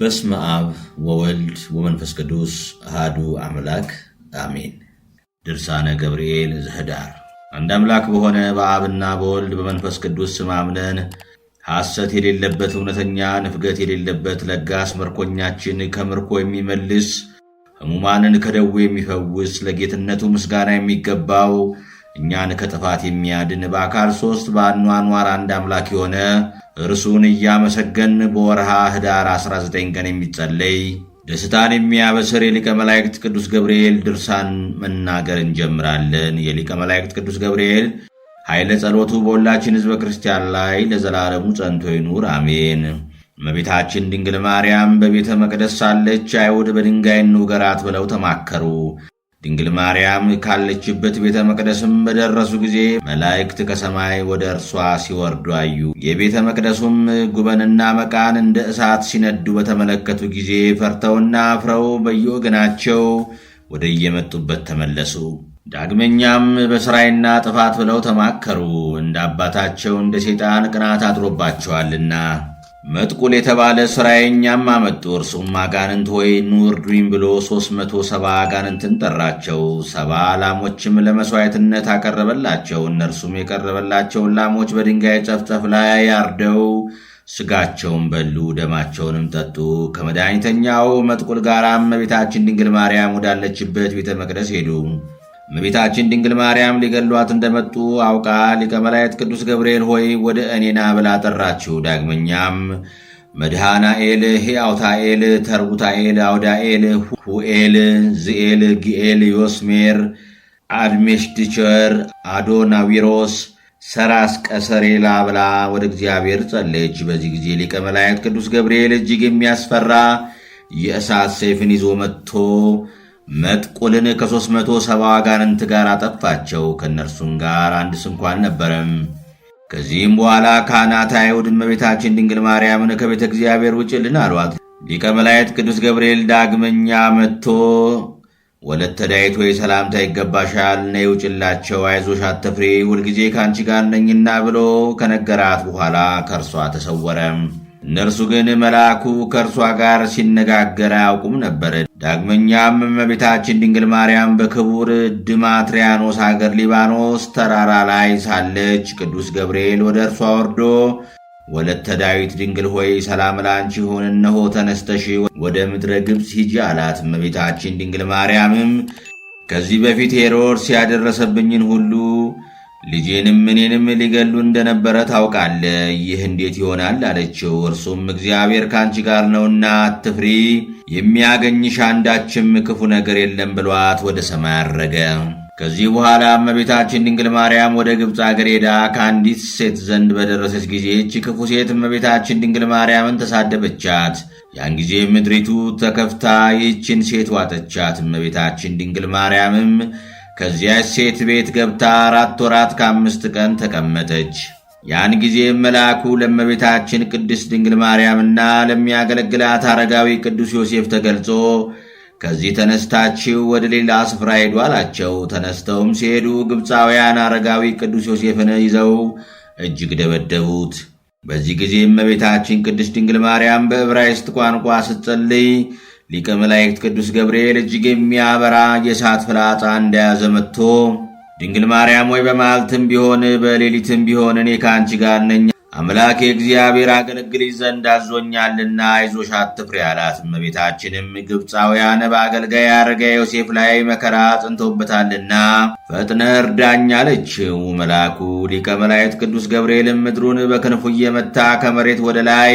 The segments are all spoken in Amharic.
በስመ አብ ወወልድ ወመንፈስ ቅዱስ አሃዱ አምላክ አሜን። ድርሳነ ገብርኤል ዝህዳር አንድ አምላክ በሆነ በአብና በወልድ በመንፈስ ቅዱስ ስም አምነን ሐሰት የሌለበት እውነተኛ ንፍገት የሌለበት ለጋስ ምርኮኛችን ከምርኮ የሚመልስ ሕሙማንን ከደዌ የሚፈውስ ለጌትነቱ ምስጋና የሚገባው እኛን ከጥፋት የሚያድን በአካል ሦስት በአኗኗር አንድ አምላክ የሆነ እርሱን እያመሰገን በወርሃ ኅዳር 19 ቀን የሚጸለይ ደስታን የሚያበስር የሊቀ መላእክት ቅዱስ ገብርኤል ድርሳን መናገር እንጀምራለን። የሊቀ መላእክት ቅዱስ ገብርኤል ኃይለ ጸሎቱ በሁላችን ሕዝበ ክርስቲያን ላይ ለዘላለሙ ጸንቶ ይኑር፣ አሜን። እመቤታችን ድንግል ማርያም በቤተ መቅደስ ሳለች አይሁድ በድንጋይ እንውገራት ብለው ተማከሩ። ድንግል ማርያም ካለችበት ቤተ መቅደስም በደረሱ ጊዜ መላእክት ከሰማይ ወደ እርሷ ሲወርዱ አዩ። የቤተ መቅደሱም ጉበንና መቃን እንደ እሳት ሲነዱ በተመለከቱ ጊዜ ፈርተውና አፍረው በየወገናቸው ወደ እየመጡበት ተመለሱ። ዳግመኛም በሥራይና ጥፋት ብለው ተማከሩ፣ እንደ አባታቸው እንደ ሰይጣን ቅናት አድሮባቸዋልና። መጥቁል የተባለ ሥራዬ እኛም አመጡ። እርሱም አጋንንት ሆይ ኑርዱኝ ብሎ ሦስት መቶ ሰባ አጋንንትን ጠራቸው። ሰባ ላሞችም ለመሥዋዕትነት አቀረበላቸው። እነርሱም የቀረበላቸውን ላሞች በድንጋይ ጨፍጨፍ ላይ ያርደው ስጋቸውን በሉ፣ ደማቸውንም ጠጡ። ከመድኃኒተኛው መጥቁል ጋራም እመቤታችን ድንግል ማርያም ወዳለችበት ቤተ መቅደስ ሄዱ። እመቤታችን ድንግል ማርያም ሊገሏት እንደመጡ አውቃ ሊቀ መላእክት ቅዱስ ገብርኤል ሆይ ወደ እኔና ብላ ጠራችው። ዳግመኛም መድሃናኤል፣ ሕያውታኤል፣ ተርቡታኤል፣ አውዳኤል፣ ሁኤል፣ ዝኤል፣ ግኤል፣ ዮስሜር፣ አድሜሽድቸር፣ አዶናዊሮስ፣ ሰራስ ቀሰሬላ ብላ ወደ እግዚአብሔር ጸለች። በዚህ ጊዜ ሊቀ መላእክት ቅዱስ ገብርኤል እጅግ የሚያስፈራ የእሳት ሰይፍን ይዞ መጥቶ መጥቁልን ከሦስት መቶ ሰባ አጋንንት ጋር አጠፋቸው። ከእነርሱም ጋር አንድ ስንኳ አልነበረም። ከዚህም በኋላ ካህናት አይሁድ እመቤታችን ድንግል ማርያምን ከቤተ እግዚአብሔር ውጭልን አሏት። ሊቀ መላእክት ቅዱስ ገብርኤል ዳግመኛ መጥቶ ወለተ ዳዊት ወይ ሰላምታ ይገባሻል፣ ነይ ውጭላቸው፣ አይዞሽ አትፍሪ፣ ሁልጊዜ ከአንቺ ጋር ነኝና ብሎ ከነገራት በኋላ ከእርሷ ተሰወረ። እነርሱ ግን መልአኩ ከእርሷ ጋር ሲነጋገር አያውቁም ነበር። ዳግመኛም እመቤታችን ድንግል ማርያም በክቡር ድማትሪያኖስ አገር ሊባኖስ ተራራ ላይ ሳለች ቅዱስ ገብርኤል ወደ እርሷ ወርዶ ወለተ ዳዊት ድንግል ሆይ ሰላም ላንቺ ይሁን፣ እነሆ ተነስተሽ ወደ ምድረ ግብፅ ሂጂ አላት። እመቤታችን ድንግል ማርያምም ከዚህ በፊት ሄሮድስ ያደረሰብኝን ሁሉ ልጄንም እኔንም ሊገሉ እንደነበረ ታውቃለ፣ ይህ እንዴት ይሆናል አለችው። እርሱም እግዚአብሔር ከአንቺ ጋር ነውና አትፍሪ፣ የሚያገኝሽ አንዳችም ክፉ ነገር የለም ብሏት ወደ ሰማይ አረገ። ከዚህ በኋላ እመቤታችን ድንግል ማርያም ወደ ግብፅ አገር ሄዳ ከአንዲት ሴት ዘንድ በደረሰች ጊዜ ይህች ክፉ ሴት እመቤታችን ድንግል ማርያምን ተሳደበቻት። ያን ጊዜ ምድሪቱ ተከፍታ ይህችን ሴት ዋጠቻት። እመቤታችን ድንግል ማርያምም ከዚያች ሴት ቤት ገብታ አራት ወራት ከአምስት ቀን ተቀመጠች። ያን ጊዜም መልአኩ ለእመቤታችን ቅድስት ድንግል ማርያምና ለሚያገለግላት አረጋዊ ቅዱስ ዮሴፍ ተገልጾ ከዚህ ተነስታችሁ ወደ ሌላ ስፍራ ሄዱ አላቸው። ተነስተውም ሲሄዱ ግብፃውያን አረጋዊ ቅዱስ ዮሴፍን ይዘው እጅግ ደበደቡት። በዚህ ጊዜ እመቤታችን ቅድስት ድንግል ማርያም በዕብራይስጥ ቋንቋ ስትጸልይ ሊቀ መላእክት ቅዱስ ገብርኤል እጅግ የሚያበራ የእሳት ፍላጻ እንደያዘ መጥቶ ድንግል ማርያም ወይ በመዓልትም ቢሆን በሌሊትም ቢሆን እኔ ከአንቺ ጋር ነኝ፣ አምላክ የእግዚአብሔር አገልግልሽ ዘንድ አዞኛልና አይዞሽ አትፍሪ አላት። እመቤታችንም ግብፃውያን በአገልጋይ አረጋ ዮሴፍ ላይ መከራ ጽንቶበታልና ፈጥነ እርዳኝ አለችው። መልአኩ ሊቀ መላእክት ቅዱስ ገብርኤልም ምድሩን በክንፉ እየመታ ከመሬት ወደ ላይ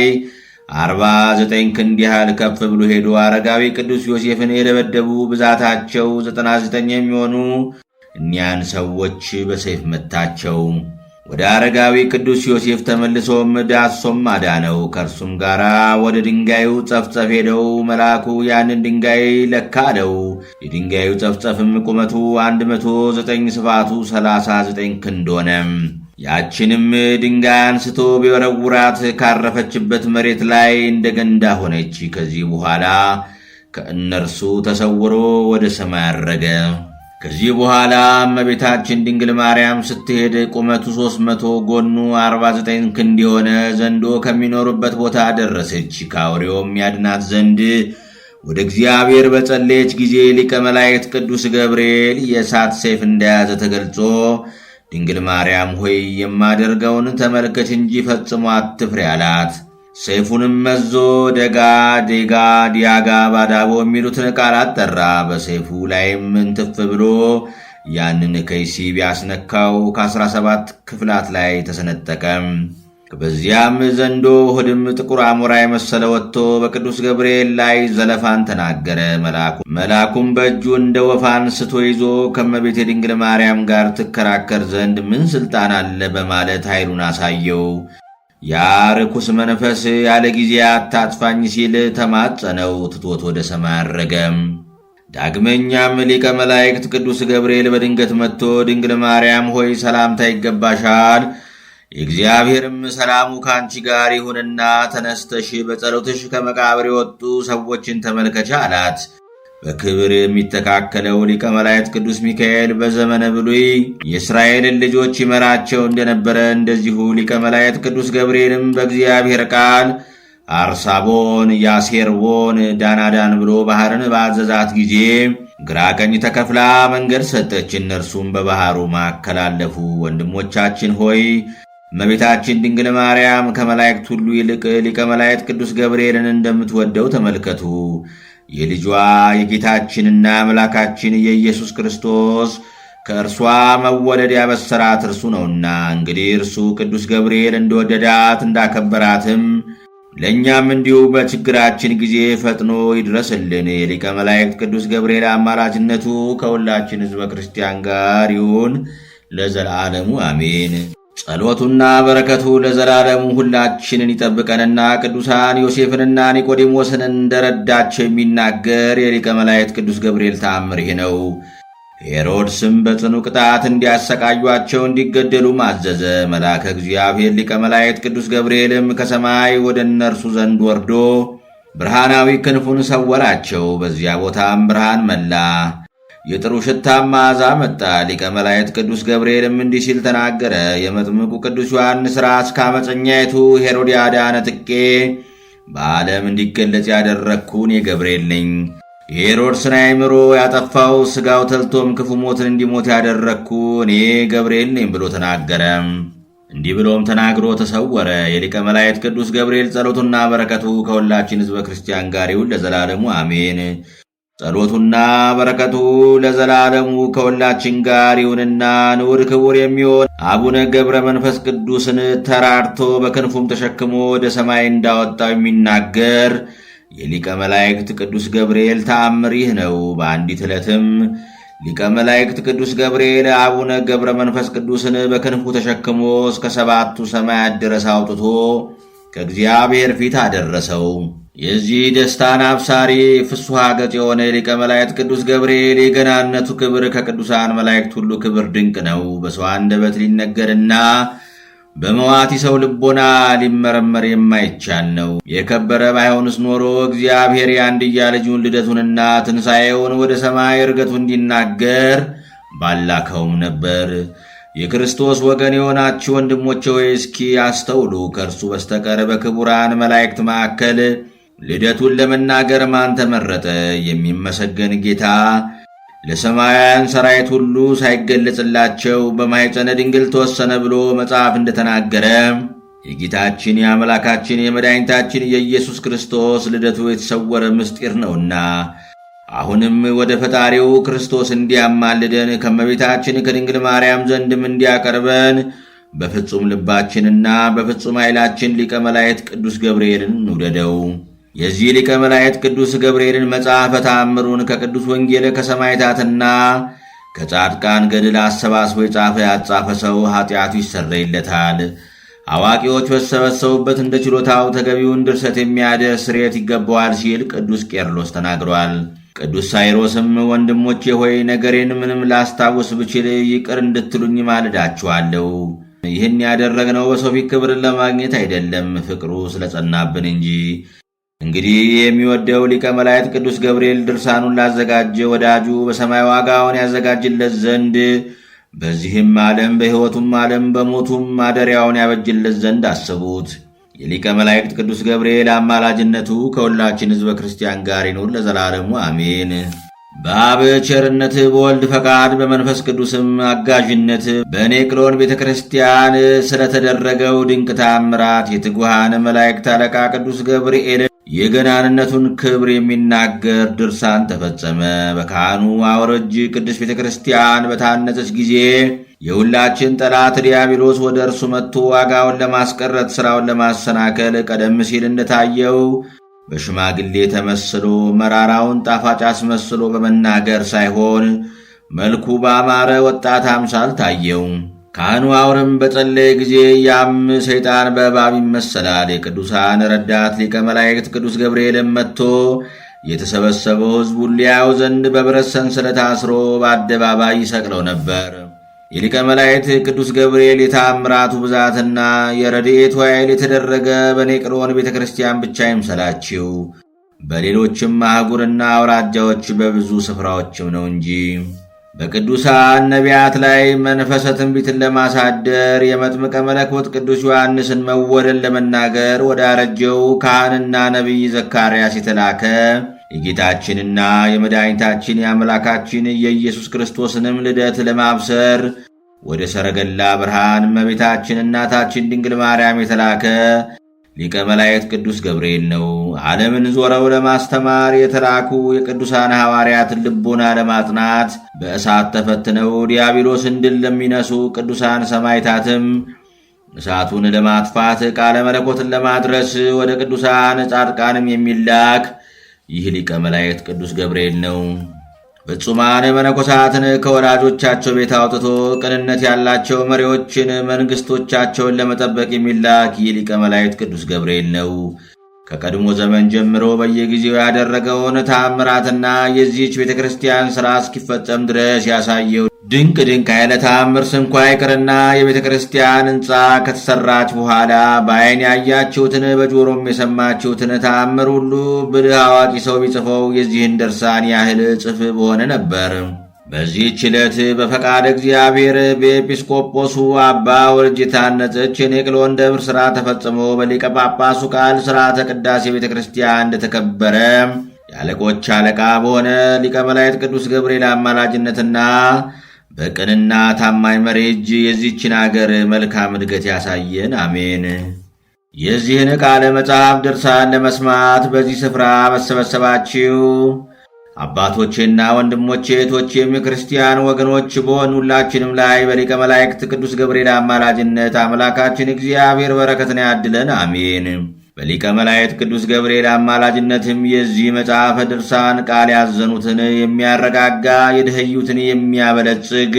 አርባ ዘጠኝ ክንድ ያህል ከፍ ብሎ ሄዶ አረጋዊ ቅዱስ ዮሴፍን የደበደቡ ብዛታቸው ዘጠና ዘጠኝ የሚሆኑ እኒያን ሰዎች በሰይፍ መታቸው። ወደ አረጋዊ ቅዱስ ዮሴፍ ተመልሶም ዳሶም አዳነው። ከእርሱም ጋር ወደ ድንጋዩ ጸፍጸፍ ሄደው መልአኩ ያንን ድንጋይ ለካለው። የድንጋዩ ጸፍጸፍም ቁመቱ 109 ስፋቱ 39 ክንድ ሆነ። ያችንም ድንጋይ አንስቶ ቢወረውራት ካረፈችበት መሬት ላይ እንደ ገንዳ ሆነች። ከዚህ በኋላ ከእነርሱ ተሰውሮ ወደ ሰማይ አረገ። ከዚህ በኋላ እመቤታችን ድንግል ማርያም ስትሄድ ቁመቱ 300 ጎኑ 49 ክንድ የሆነ ዘንዶ ከሚኖሩበት ቦታ ደረሰች። ከአውሬውም ያድናት ዘንድ ወደ እግዚአብሔር በጸለየች ጊዜ ሊቀ መላእክት ቅዱስ ገብርኤል የእሳት ሰይፍ እንደያዘ ተገልጾ ድንግል ማርያም ሆይ የማደርገውን ተመልከች እንጂ ፈጽሞ አትፍሪ አላት። ሰይፉንም መዞ ደጋ ዴጋ ዲያጋ ባዳቦ የሚሉትን ቃላት ጠራ። በሰይፉ ላይም እንትፍ ብሎ ያንን ከይሲ ቢያስነካው ከአስራ ሰባት ክፍላት ላይ ተሰነጠቀም። በዚያም ዘንዶ ሆድም ጥቁር አሞራ የመሰለ ወጥቶ በቅዱስ ገብርኤል ላይ ዘለፋን ተናገረ። መልአኩ መልአኩም በእጁ እንደ ወፋን ስቶ ይዞ ከመቤት የድንግል ማርያም ጋር ትከራከር ዘንድ ምን ሥልጣን አለ በማለት ኃይሉን አሳየው። ያ ርኩስ መንፈስ ያለ ጊዜ አታጥፋኝ ሲል ተማጸነው። ትቶት ወደ ሰማይ አረገም። ዳግመኛም ሊቀ መላእክት ቅዱስ ገብርኤል በድንገት መጥቶ ድንግል ማርያም ሆይ ሰላምታ ይገባሻል የእግዚአብሔርም ሰላሙ ከአንቺ ጋር ይሁንና ተነስተሽ በጸሎትሽ ከመቃብር የወጡ ሰዎችን ተመልከቻ አላት። በክብር የሚተካከለው ሊቀ መላእክት ቅዱስ ሚካኤል በዘመነ ብሉይ የእስራኤልን ልጆች ይመራቸው እንደነበረ እንደዚሁ ሊቀ መላእክት ቅዱስ ገብርኤልም በእግዚአብሔር ቃል አርሳቦን ያሴርቦን ዳናዳን ብሎ ባህርን በአዘዛት ጊዜ ግራ ቀኝ ተከፍላ መንገድ ሰጠች። እነርሱም በባህሩ ማከላለፉ። ወንድሞቻችን ሆይ እመቤታችን ድንግል ማርያም ከመላእክት ሁሉ ይልቅ ሊቀ መላእክት ቅዱስ ገብርኤልን እንደምትወደው ተመልከቱ። የልጇ የጌታችንና አምላካችን የኢየሱስ ክርስቶስ ከእርሷ መወለድ ያበሰራት እርሱ ነውና እንግዲህ እርሱ ቅዱስ ገብርኤል እንደወደዳት እንዳከበራትም ለእኛም እንዲሁ በችግራችን ጊዜ ፈጥኖ ይድረስልን። የሊቀ መላእክት ቅዱስ ገብርኤል አማላጅነቱ ከሁላችን ሕዝበ ክርስቲያን ጋር ይሁን ለዘላለሙ አሜን። ጸሎቱና በረከቱ ለዘላለሙ ሁላችንን ይጠብቀንና ቅዱሳን ዮሴፍንና ኒቆዲሞስን እንደረዳቸው የሚናገር የሊቀ መላእክት ቅዱስ ገብርኤል ተአምር ይህ ነው። ሄሮድስም በጽኑ ቅጣት እንዲያሰቃዩአቸው እንዲገደሉ ማዘዘ መልአከ እግዚአብሔር ሊቀ መላእክት ቅዱስ ገብርኤልም ከሰማይ ወደ እነርሱ ዘንድ ወርዶ ብርሃናዊ ክንፉን ሰወራቸው። በዚያ ቦታም ብርሃን መላ። የጥሩ ሽታም መዓዛ መጣ። ሊቀ መላእክት ቅዱስ ገብርኤልም እንዲህ ሲል ተናገረ። የመጥምቁ ቅዱስ ዮሐንስ ራስ ከአመፀኛይቱ ሄሮድያዳ ነጥቄ በዓለም እንዲገለጽ ያደረግኩን የገብርኤል ነኝ። የሄሮድስን አእምሮ ያጠፋው ሥጋው ተልቶም ክፉ ሞትን እንዲሞት ያደረግኩ እኔ ገብርኤል ነኝ ብሎ ተናገረ። እንዲህ ብሎም ተናግሮ ተሰወረ። የሊቀ መላእክት ቅዱስ ገብርኤል ጸሎቱና በረከቱ ከሁላችን ሕዝበ ክርስቲያን ጋር ይሁን ለዘላለሙ አሜን። ጸሎቱና በረከቱ ለዘላለሙ ከሁላችን ጋር ይሁንና ንዑድ ክቡር የሚሆን አቡነ ገብረ መንፈስ ቅዱስን ተራድቶ በክንፉም ተሸክሞ ወደ ሰማይ እንዳወጣው የሚናገር የሊቀ መላእክት ቅዱስ ገብርኤል ተአምር ይህ ነው። በአንዲት ዕለትም ሊቀ መላእክት ቅዱስ ገብርኤል አቡነ ገብረ መንፈስ ቅዱስን በክንፉ ተሸክሞ እስከ ሰባቱ ሰማያት ድረስ አውጥቶ ከእግዚአብሔር ፊት አደረሰው። የዚህ ደስታን አብሳሪ ፍሱሃ ገጽ የሆነ የሊቀ መላእክት ቅዱስ ገብርኤል የገናነቱ ክብር ከቅዱሳን መላእክት ሁሉ ክብር ድንቅ ነው። በሰው አንደበት ሊነገርና በመዋቲ ሰው ልቦና ሊመረመር የማይቻል ነው። የከበረ ባይሆንስ ኖሮ እግዚአብሔር የአንድያ ልጁን ልደቱንና ትንሣኤውን ወደ ሰማይ እርገቱ እንዲናገር ባላከውም ነበር። የክርስቶስ ወገን የሆናችሁ ወንድሞቼ ሆይ እስኪ አስተውሉ። ከእርሱ በስተቀር በክቡራን መላእክት መካከል ልደቱን ለመናገር ማን ተመረጠ? የሚመሰገን ጌታ ለሰማያውያን ሰራይት ሁሉ ሳይገለጽላቸው በማኅፀነ ድንግል ተወሰነ ብሎ መጽሐፍ እንደተናገረ የጌታችን የአምላካችን የመድኃኒታችን የኢየሱስ ክርስቶስ ልደቱ የተሰወረ ምስጢር ነውና አሁንም ወደ ፈጣሪው ክርስቶስ እንዲያማልደን ከመቤታችን ከድንግል ማርያም ዘንድም እንዲያቀርበን በፍጹም ልባችንና በፍጹም ኃይላችን ሊቀ መላእክት ቅዱስ ገብርኤልን እንውደደው። የዚህ ሊቀ መላእክት ቅዱስ ገብርኤልን መጽሐፈ ተአምሩን ከቅዱስ ወንጌል ከሰማይታትና ከጻድቃን ገድል አሰባስቦ የጻፈ ያጻፈ ሰው ኃጢአቱ ይሰረይለታል። አዋቂዎች በተሰበሰቡበት እንደ ችሎታው ተገቢውን ድርሰት የሚያደርስ ስርየት ይገባዋል ሲል ቅዱስ ቄርሎስ ተናግሯል። ቅዱስ ሳይሮስም ወንድሞቼ ሆይ ነገሬን ምንም ላስታውስ ብችል ይቅር እንድትሉኝ ማልዳችኋለሁ። ይህን ያደረግነው በሰው ፊት ክብርን ለማግኘት አይደለም፣ ፍቅሩ ስለጸናብን እንጂ እንግዲህ የሚወደው ሊቀ መላእክት ቅዱስ ገብርኤል ድርሳኑን ላዘጋጀ ወዳጁ በሰማይ ዋጋውን ያዘጋጅለት ዘንድ በዚህም ዓለም በሕይወቱም ዓለም በሞቱም ማደሪያውን ያበጅለት ዘንድ አስቡት። የሊቀ መላእክት ቅዱስ ገብርኤል አማላጅነቱ ከሁላችን ሕዝበ ክርስቲያን ጋር ይኑር ለዘላለሙ አሜን። በአብ ቸርነት በወልድ ፈቃድ በመንፈስ ቅዱስም አጋዥነት በኔቅሎን ቤተ ክርስቲያን ስለተደረገው ድንቅ ታምራት የትጉሃን መላእክት አለቃ ቅዱስ ገብርኤል የገናንነቱን ክብር የሚናገር ድርሳን ተፈጸመ። በካህኑ አውረጅ ቅዱስ ቤተ ክርስቲያን በታነጸች ጊዜ የሁላችን ጠላት ዲያብሎስ ወደ እርሱ መጥቶ ዋጋውን ለማስቀረት ሥራውን ለማሰናከል ቀደም ሲል እንደታየው በሽማግሌ ተመስሎ መራራውን ጣፋጭ አስመስሎ በመናገር ሳይሆን መልኩ ባማረ ወጣት አምሳል ታየው። ካህኑ አውርም በጸለየ ጊዜ ያም ሰይጣን በእባብ ይመሰላል። የቅዱሳን ረዳት ሊቀ መላእክት ቅዱስ ገብርኤልም መጥቶ የተሰበሰበው ሕዝቡን ሊያየው ዘንድ በብረት ሰንሰለት አስሮ በአደባባይ ይሰቅለው ነበር። የሊቀ መላእክት ቅዱስ ገብርኤል የታምራቱ ብዛትና የረድኤቱ ኃይል የተደረገ በኔቅሮን ቤተ ክርስቲያን ብቻ ይምሰላችው፣ በሌሎችም አህጉርና አውራጃዎች በብዙ ስፍራዎችም ነው እንጂ በቅዱሳን ነቢያት ላይ መንፈሰ ትንቢትን ለማሳደር የመጥምቀ መለኮት ቅዱስ ዮሐንስን መወለድ ለመናገር ወደ አረጀው ካህንና ነቢይ ዘካርያስ የተላከ የጌታችንና የመድኃኒታችን የአምላካችን የኢየሱስ ክርስቶስንም ልደት ለማብሰር ወደ ሰረገላ ብርሃን እመቤታችን እናታችን ድንግል ማርያም የተላከ ሊቀ መላእክት ቅዱስ ገብርኤል ነው። ዓለምን ዞረው ለማስተማር የተላኩ የቅዱሳን ሐዋርያትን ልቦና ለማጥናት በእሳት ተፈትነው ዲያብሎስን ድል ለሚነሱ ቅዱሳን ሰማይታትም እሳቱን ለማጥፋት ቃለ መለኮትን ለማድረስ ወደ ቅዱሳን ጻድቃንም የሚላክ ይህ ሊቀ መላእክት ቅዱስ ገብርኤል ነው። ፍጹማን መነኮሳትን ከወላጆቻቸው ቤት አውጥቶ ቅንነት ያላቸው መሪዎችን መንግስቶቻቸውን ለመጠበቅ የሚላክ ይህ ሊቀ መላእክት ቅዱስ ገብርኤል ነው። ከቀድሞ ዘመን ጀምሮ በየጊዜው ያደረገውን ታምራትና የዚህች ቤተ ክርስቲያን ሥራ እስኪፈጸም ድረስ ያሳየው ድንቅ ድንቅ አይነ ተአምር ስንኳ ይቅርና የቤተ ክርስቲያን ሕንፃ ከተሰራች በኋላ በአይን ያያችሁትን በጆሮም የሰማችሁትን ተአምር ሁሉ ብልህ አዋቂ ሰው ቢጽፈው የዚህን ድርሳን ያህል ጽፍ በሆነ ነበር። በዚህች ዕለት በፈቃድ እግዚአብሔር በኤጲስቆጶሱ አባ ወልጅ የታነጸች የኔቅሎን ደብር ሥራ ተፈጽሞ በሊቀ ጳጳሱ ቃል ሥርዓተ ቅዳሴ ቤተ ክርስቲያን እንደተከበረ የአለቆች አለቃ በሆነ ሊቀ መላእክት ቅዱስ ገብርኤል አማላጅነትና በቅንና ታማኝ መሪ እጅ የዚህችን አገር መልካም እድገት ያሳየን፣ አሜን። የዚህን ቃለ መጽሐፍ ድርሳን ለመስማት በዚህ ስፍራ መሰበሰባችሁ አባቶቼና ወንድሞቼ እህቶቼም የክርስቲያን ወገኖች በሆን ሁላችንም ላይ በሊቀ መላእክት ቅዱስ ገብርኤል አማላጅነት አምላካችን እግዚአብሔር በረከትን ያድለን፣ አሜን። በሊቀ መላእክት ቅዱስ ገብርኤል አማላጅነትም የዚህ መጽሐፈ ድርሳን ቃል ያዘኑትን የሚያረጋጋ፣ የደኸዩትን የሚያበለጽግ፣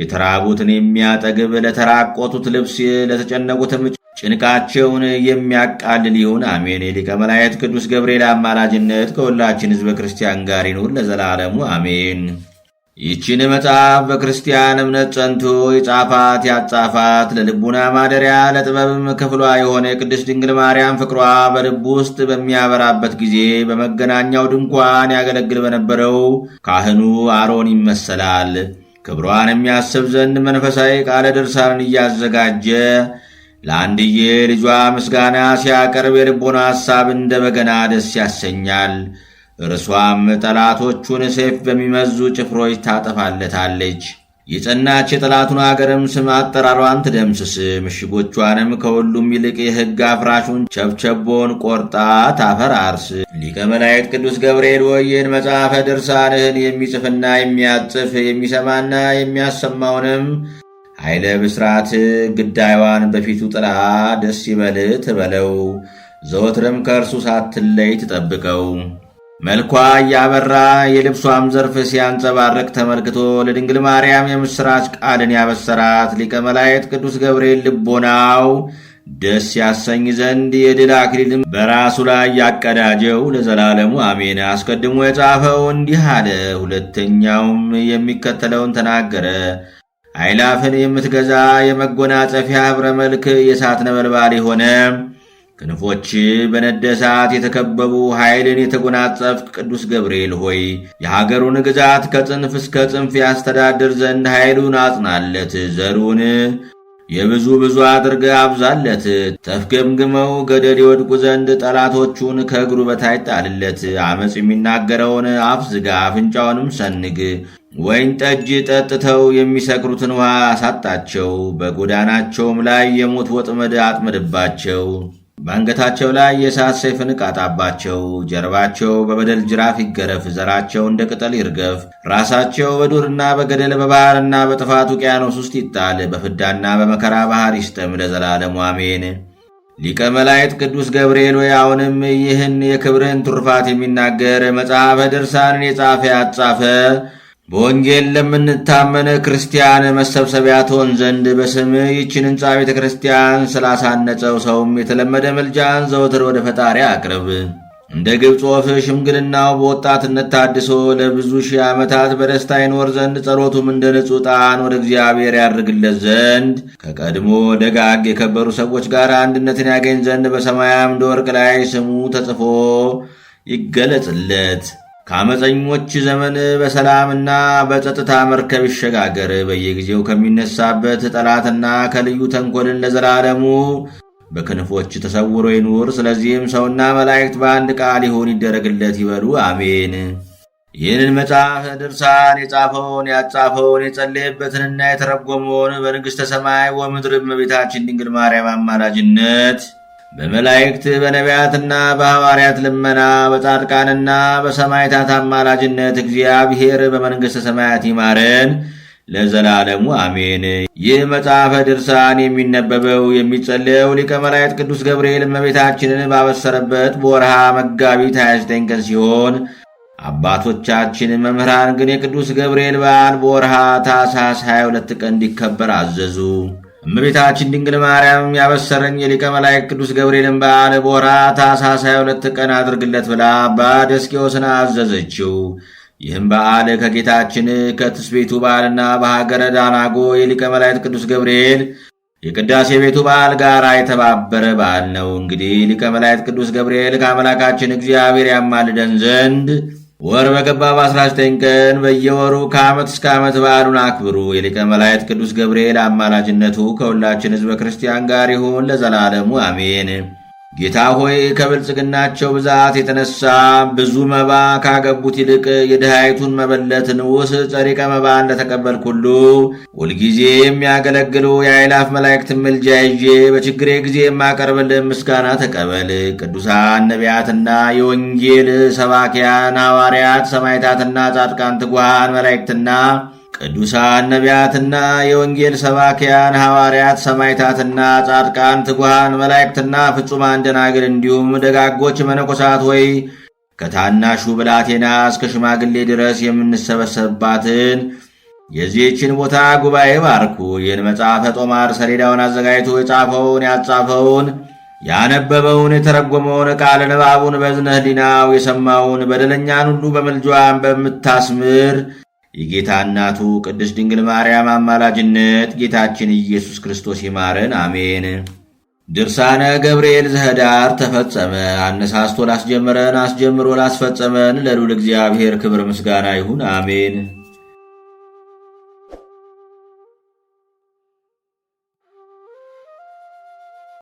የተራቡትን የሚያጠግብ፣ ለተራቆቱት ልብስ፣ ለተጨነቁትም ጭንቃቸውን የሚያቃልል ይሁን። አሜን። የሊቀ መላእክት ቅዱስ ገብርኤል አማላጅነት ከሁላችን ሕዝበ ክርስቲያን ጋር ይኑር ለዘላለሙ አሜን። ይቺን መጽሐፍ በክርስቲያን እምነት ጸንቶ የጻፋት ያጻፋት ለልቡና ማደሪያ ለጥበብም ክፍሏ የሆነ የቅድስት ድንግል ማርያም ፍቅሯ በልብ ውስጥ በሚያበራበት ጊዜ በመገናኛው ድንኳን ያገለግል በነበረው ካህኑ አሮን ይመሰላል። ክብሯን የሚያስብ ዘንድ መንፈሳዊ ቃለ ድርሳንን እያዘጋጀ ለአንድዬ ልጇ ምስጋና ሲያቀርብ የልቦና ሐሳብ እንደ በገና ደስ ያሰኛል። እርሷም ጠላቶቹን ሰይፍ በሚመዙ ጭፍሮች ታጠፋለታለች። የጸናች የጠላቱን አገርም ስም አጠራሯን ትደምስስ፣ ምሽጎቿንም ከሁሉም ይልቅ የሕግ አፍራሹን ቸብቸቦን ቆርጣ ታፈራርስ። ሊቀ መላእክት ቅዱስ ገብርኤል ወይን መጽሐፈ ድርሳንህን የሚጽፍና የሚያጽፍ የሚሰማና የሚያሰማውንም ኃይለ ብስራት ግዳይዋን በፊቱ ጥላ ደስ ይበልት ትበለው፣ ዘወትርም ከእርሱ ሳትለይ ትጠብቀው። መልኳ እያበራ የልብሷም ዘርፍ ሲያንጸባረቅ ተመልክቶ ለድንግል ማርያም የምሥራች ቃልን ያበሰራት ሊቀ መላእክት ቅዱስ ገብርኤል ልቦናው ደስ ያሰኝ ዘንድ የድል አክሊልም በራሱ ላይ ያቀዳጀው ለዘላለሙ አሜን። አስቀድሞ የጻፈው እንዲህ አለ። ሁለተኛውም የሚከተለውን ተናገረ። አይላፍን የምትገዛ የመጎናጸፊያ ኅብረ መልክ የእሳት ነበልባል የሆነ ክንፎች በነደሳት የተከበቡ ኃይልን የተጎናጸፍ ቅዱስ ገብርኤል ሆይ የሀገሩን ግዛት ከጽንፍ እስከ ጽንፍ ያስተዳድር ዘንድ ኃይሉን አጽናለት፣ ዘሩን የብዙ ብዙ አድርገ አብዛለት። ተፍገምግመው ገደል ይወድቁ ዘንድ ጠላቶቹን ከእግሩ በታች ጣልለት። አመፅ የሚናገረውን አፍዝጋ፣ አፍንጫውንም ሰንግ። ወይን ጠጅ ጠጥተው የሚሰክሩትን ውሃ አሳጣቸው። በጎዳናቸውም ላይ የሞት ወጥመድ አጥምድባቸው። በአንገታቸው ላይ የእሳት ሰይፍ ንቃጣባቸው፣ ጀርባቸው በበደል ጅራፍ ይገረፍ፣ ዘራቸው እንደ ቅጠል ይርገፍ፣ ራሳቸው በዱርና በገደል በባህርና በጥፋት ውቅያኖስ ውስጥ ይጣል፣ በፍዳና በመከራ ባህር ይስጠም ለዘላለሙ አሜን። ሊቀ መላእክት ቅዱስ ገብርኤል ወይ አሁንም ይህን የክብርህን ትሩፋት የሚናገር መጽሐፈ ድርሳንን የጻፈ ያጻፈ በወንጌል ለምንታመነ ክርስቲያን መሰብሰቢያ ትሆን ዘንድ በስም ይችን ሕንፃ ቤተ ክርስቲያን ስላሳነጸው ሰውም የተለመደ መልጃን ዘወትር ወደ ፈጣሪ አቅርብ። እንደ ግብፅ ወፍ ሽምግልናው በወጣትነት ታድሶ ለብዙ ሺህ ዓመታት በደስታ ይኖር ዘንድ ጸሎቱም እንደ ንጹሕ ዕጣን ወደ እግዚአብሔር ያድርግለት ዘንድ ከቀድሞ ደጋግ የከበሩ ሰዎች ጋር አንድነትን ያገኝ ዘንድ በሰማያም እንደ ወርቅ ላይ ስሙ ተጽፎ ይገለጽለት። ከአመፀኞች ዘመን በሰላምና በጸጥታ መርከብ ይሸጋገር። በየጊዜው ከሚነሳበት ጠላትና ከልዩ ተንኮልን ለዘላለሙ በክንፎች ተሰውሮ ይኑር። ስለዚህም ሰውና መላእክት በአንድ ቃል ይሁን ይደረግለት ይበሉ አሜን። ይህንን መጽሐፍ ድርሳን የጻፈውን ያጻፈውን የጸለየበትንና የተረጎመውን በንግሥተ ሰማይ ወምድር እመቤታችን ድንግል ማርያም አማላጅነት በመላእክት በነቢያትና በሐዋርያት ልመና በጻድቃንና በሰማዕታት አማላጅነት እግዚአብሔር በመንግሥተ ሰማያት ይማረን ለዘላለሙ አሜን። ይህ መጽሐፈ ድርሳን የሚነበበው የሚጸለየው ሊቀ መላእክት ቅዱስ ገብርኤል እመቤታችንን ባበሰረበት በወርሃ መጋቢት 29 ቀን ሲሆን አባቶቻችን መምህራን ግን የቅዱስ ገብርኤል በዓል በወርሃ ታኅሳስ 22 ቀን እንዲከበር አዘዙ። እመቤታችን ድንግል ማርያም ያበሰረኝ የሊቀ መላእክት ቅዱስ ገብርኤልን በዓለ ቦራ ታኅሳስ ሃያ ሁለት ቀን አድርግለት ብላ አባ አዘዘችው። ይህም በዓል ከጌታችን ከትስቤቱ በዓልና በሀገረ ዳናጎ የሊቀ መላእክት ቅዱስ ገብርኤል የቅዳሴ ቤቱ በዓል ጋር የተባበረ በዓል ነው። እንግዲህ ሊቀ መላእክት ቅዱስ ገብርኤል ከአምላካችን እግዚአብሔር ያማልደን ዘንድ ወር በገባ በ19 ቀን በየወሩ ከዓመት እስከ ዓመት በዓሉን አክብሩ። የሊቀ መላእክት ቅዱስ ገብርኤል አማላጅነቱ ከሁላችን ሕዝበ ክርስቲያን ጋር ይሁን ለዘላለሙ አሜን። ጌታ ሆይ ከብልጽግናቸው ብዛት የተነሳ ብዙ መባ ካገቡት ይልቅ የድሃይቱን መበለት ንዑስ ጸሪቀ መባ እንደተቀበልኩ ሁሉ ሁልጊዜ የሚያገለግሉ የአይላፍ መላእክትን ምልጃ ይዤ በችግሬ ጊዜ የማቀርብልን ምስጋና ተቀበል። ቅዱሳን ነቢያትና የወንጌል ሰባኪያን ሐዋርያት፣ ሰማይታትና ጻድቃን፣ ትጓን መላእክትና ቅዱሳን ነቢያትና የወንጌል ሰባኪያን ሐዋርያት፣ ሰማይታትና ጻድቃን፣ ትጉሃን መላእክትና ፍጹማን ደናግል እንዲሁም ደጋጎች መነኮሳት ሆይ ከታናሹ ብላቴና እስከ ሽማግሌ ድረስ የምንሰበሰብባትን የዚህችን ቦታ ጉባኤ ባርኩ። ይህን መጽሐፈ ጦማር ሰሌዳውን አዘጋጅቶ የጻፈውን ያጻፈውን ያነበበውን የተረጎመውን ቃለ ንባቡን በዝነህ ሊናው የሰማውን በደለኛን ሁሉ በምልጇን በምታስምር የጌታ እናቱ ቅድስት ድንግል ማርያም አማላጅነት ጌታችን ኢየሱስ ክርስቶስ ይማረን፣ አሜን። ድርሳነ ገብርኤል ዘህዳር ተፈጸመ። አነሳስቶ ላስጀመረን አስጀምሮ ላስፈጸመን ለልዑል እግዚአብሔር ክብር ምስጋና ይሁን፣ አሜን።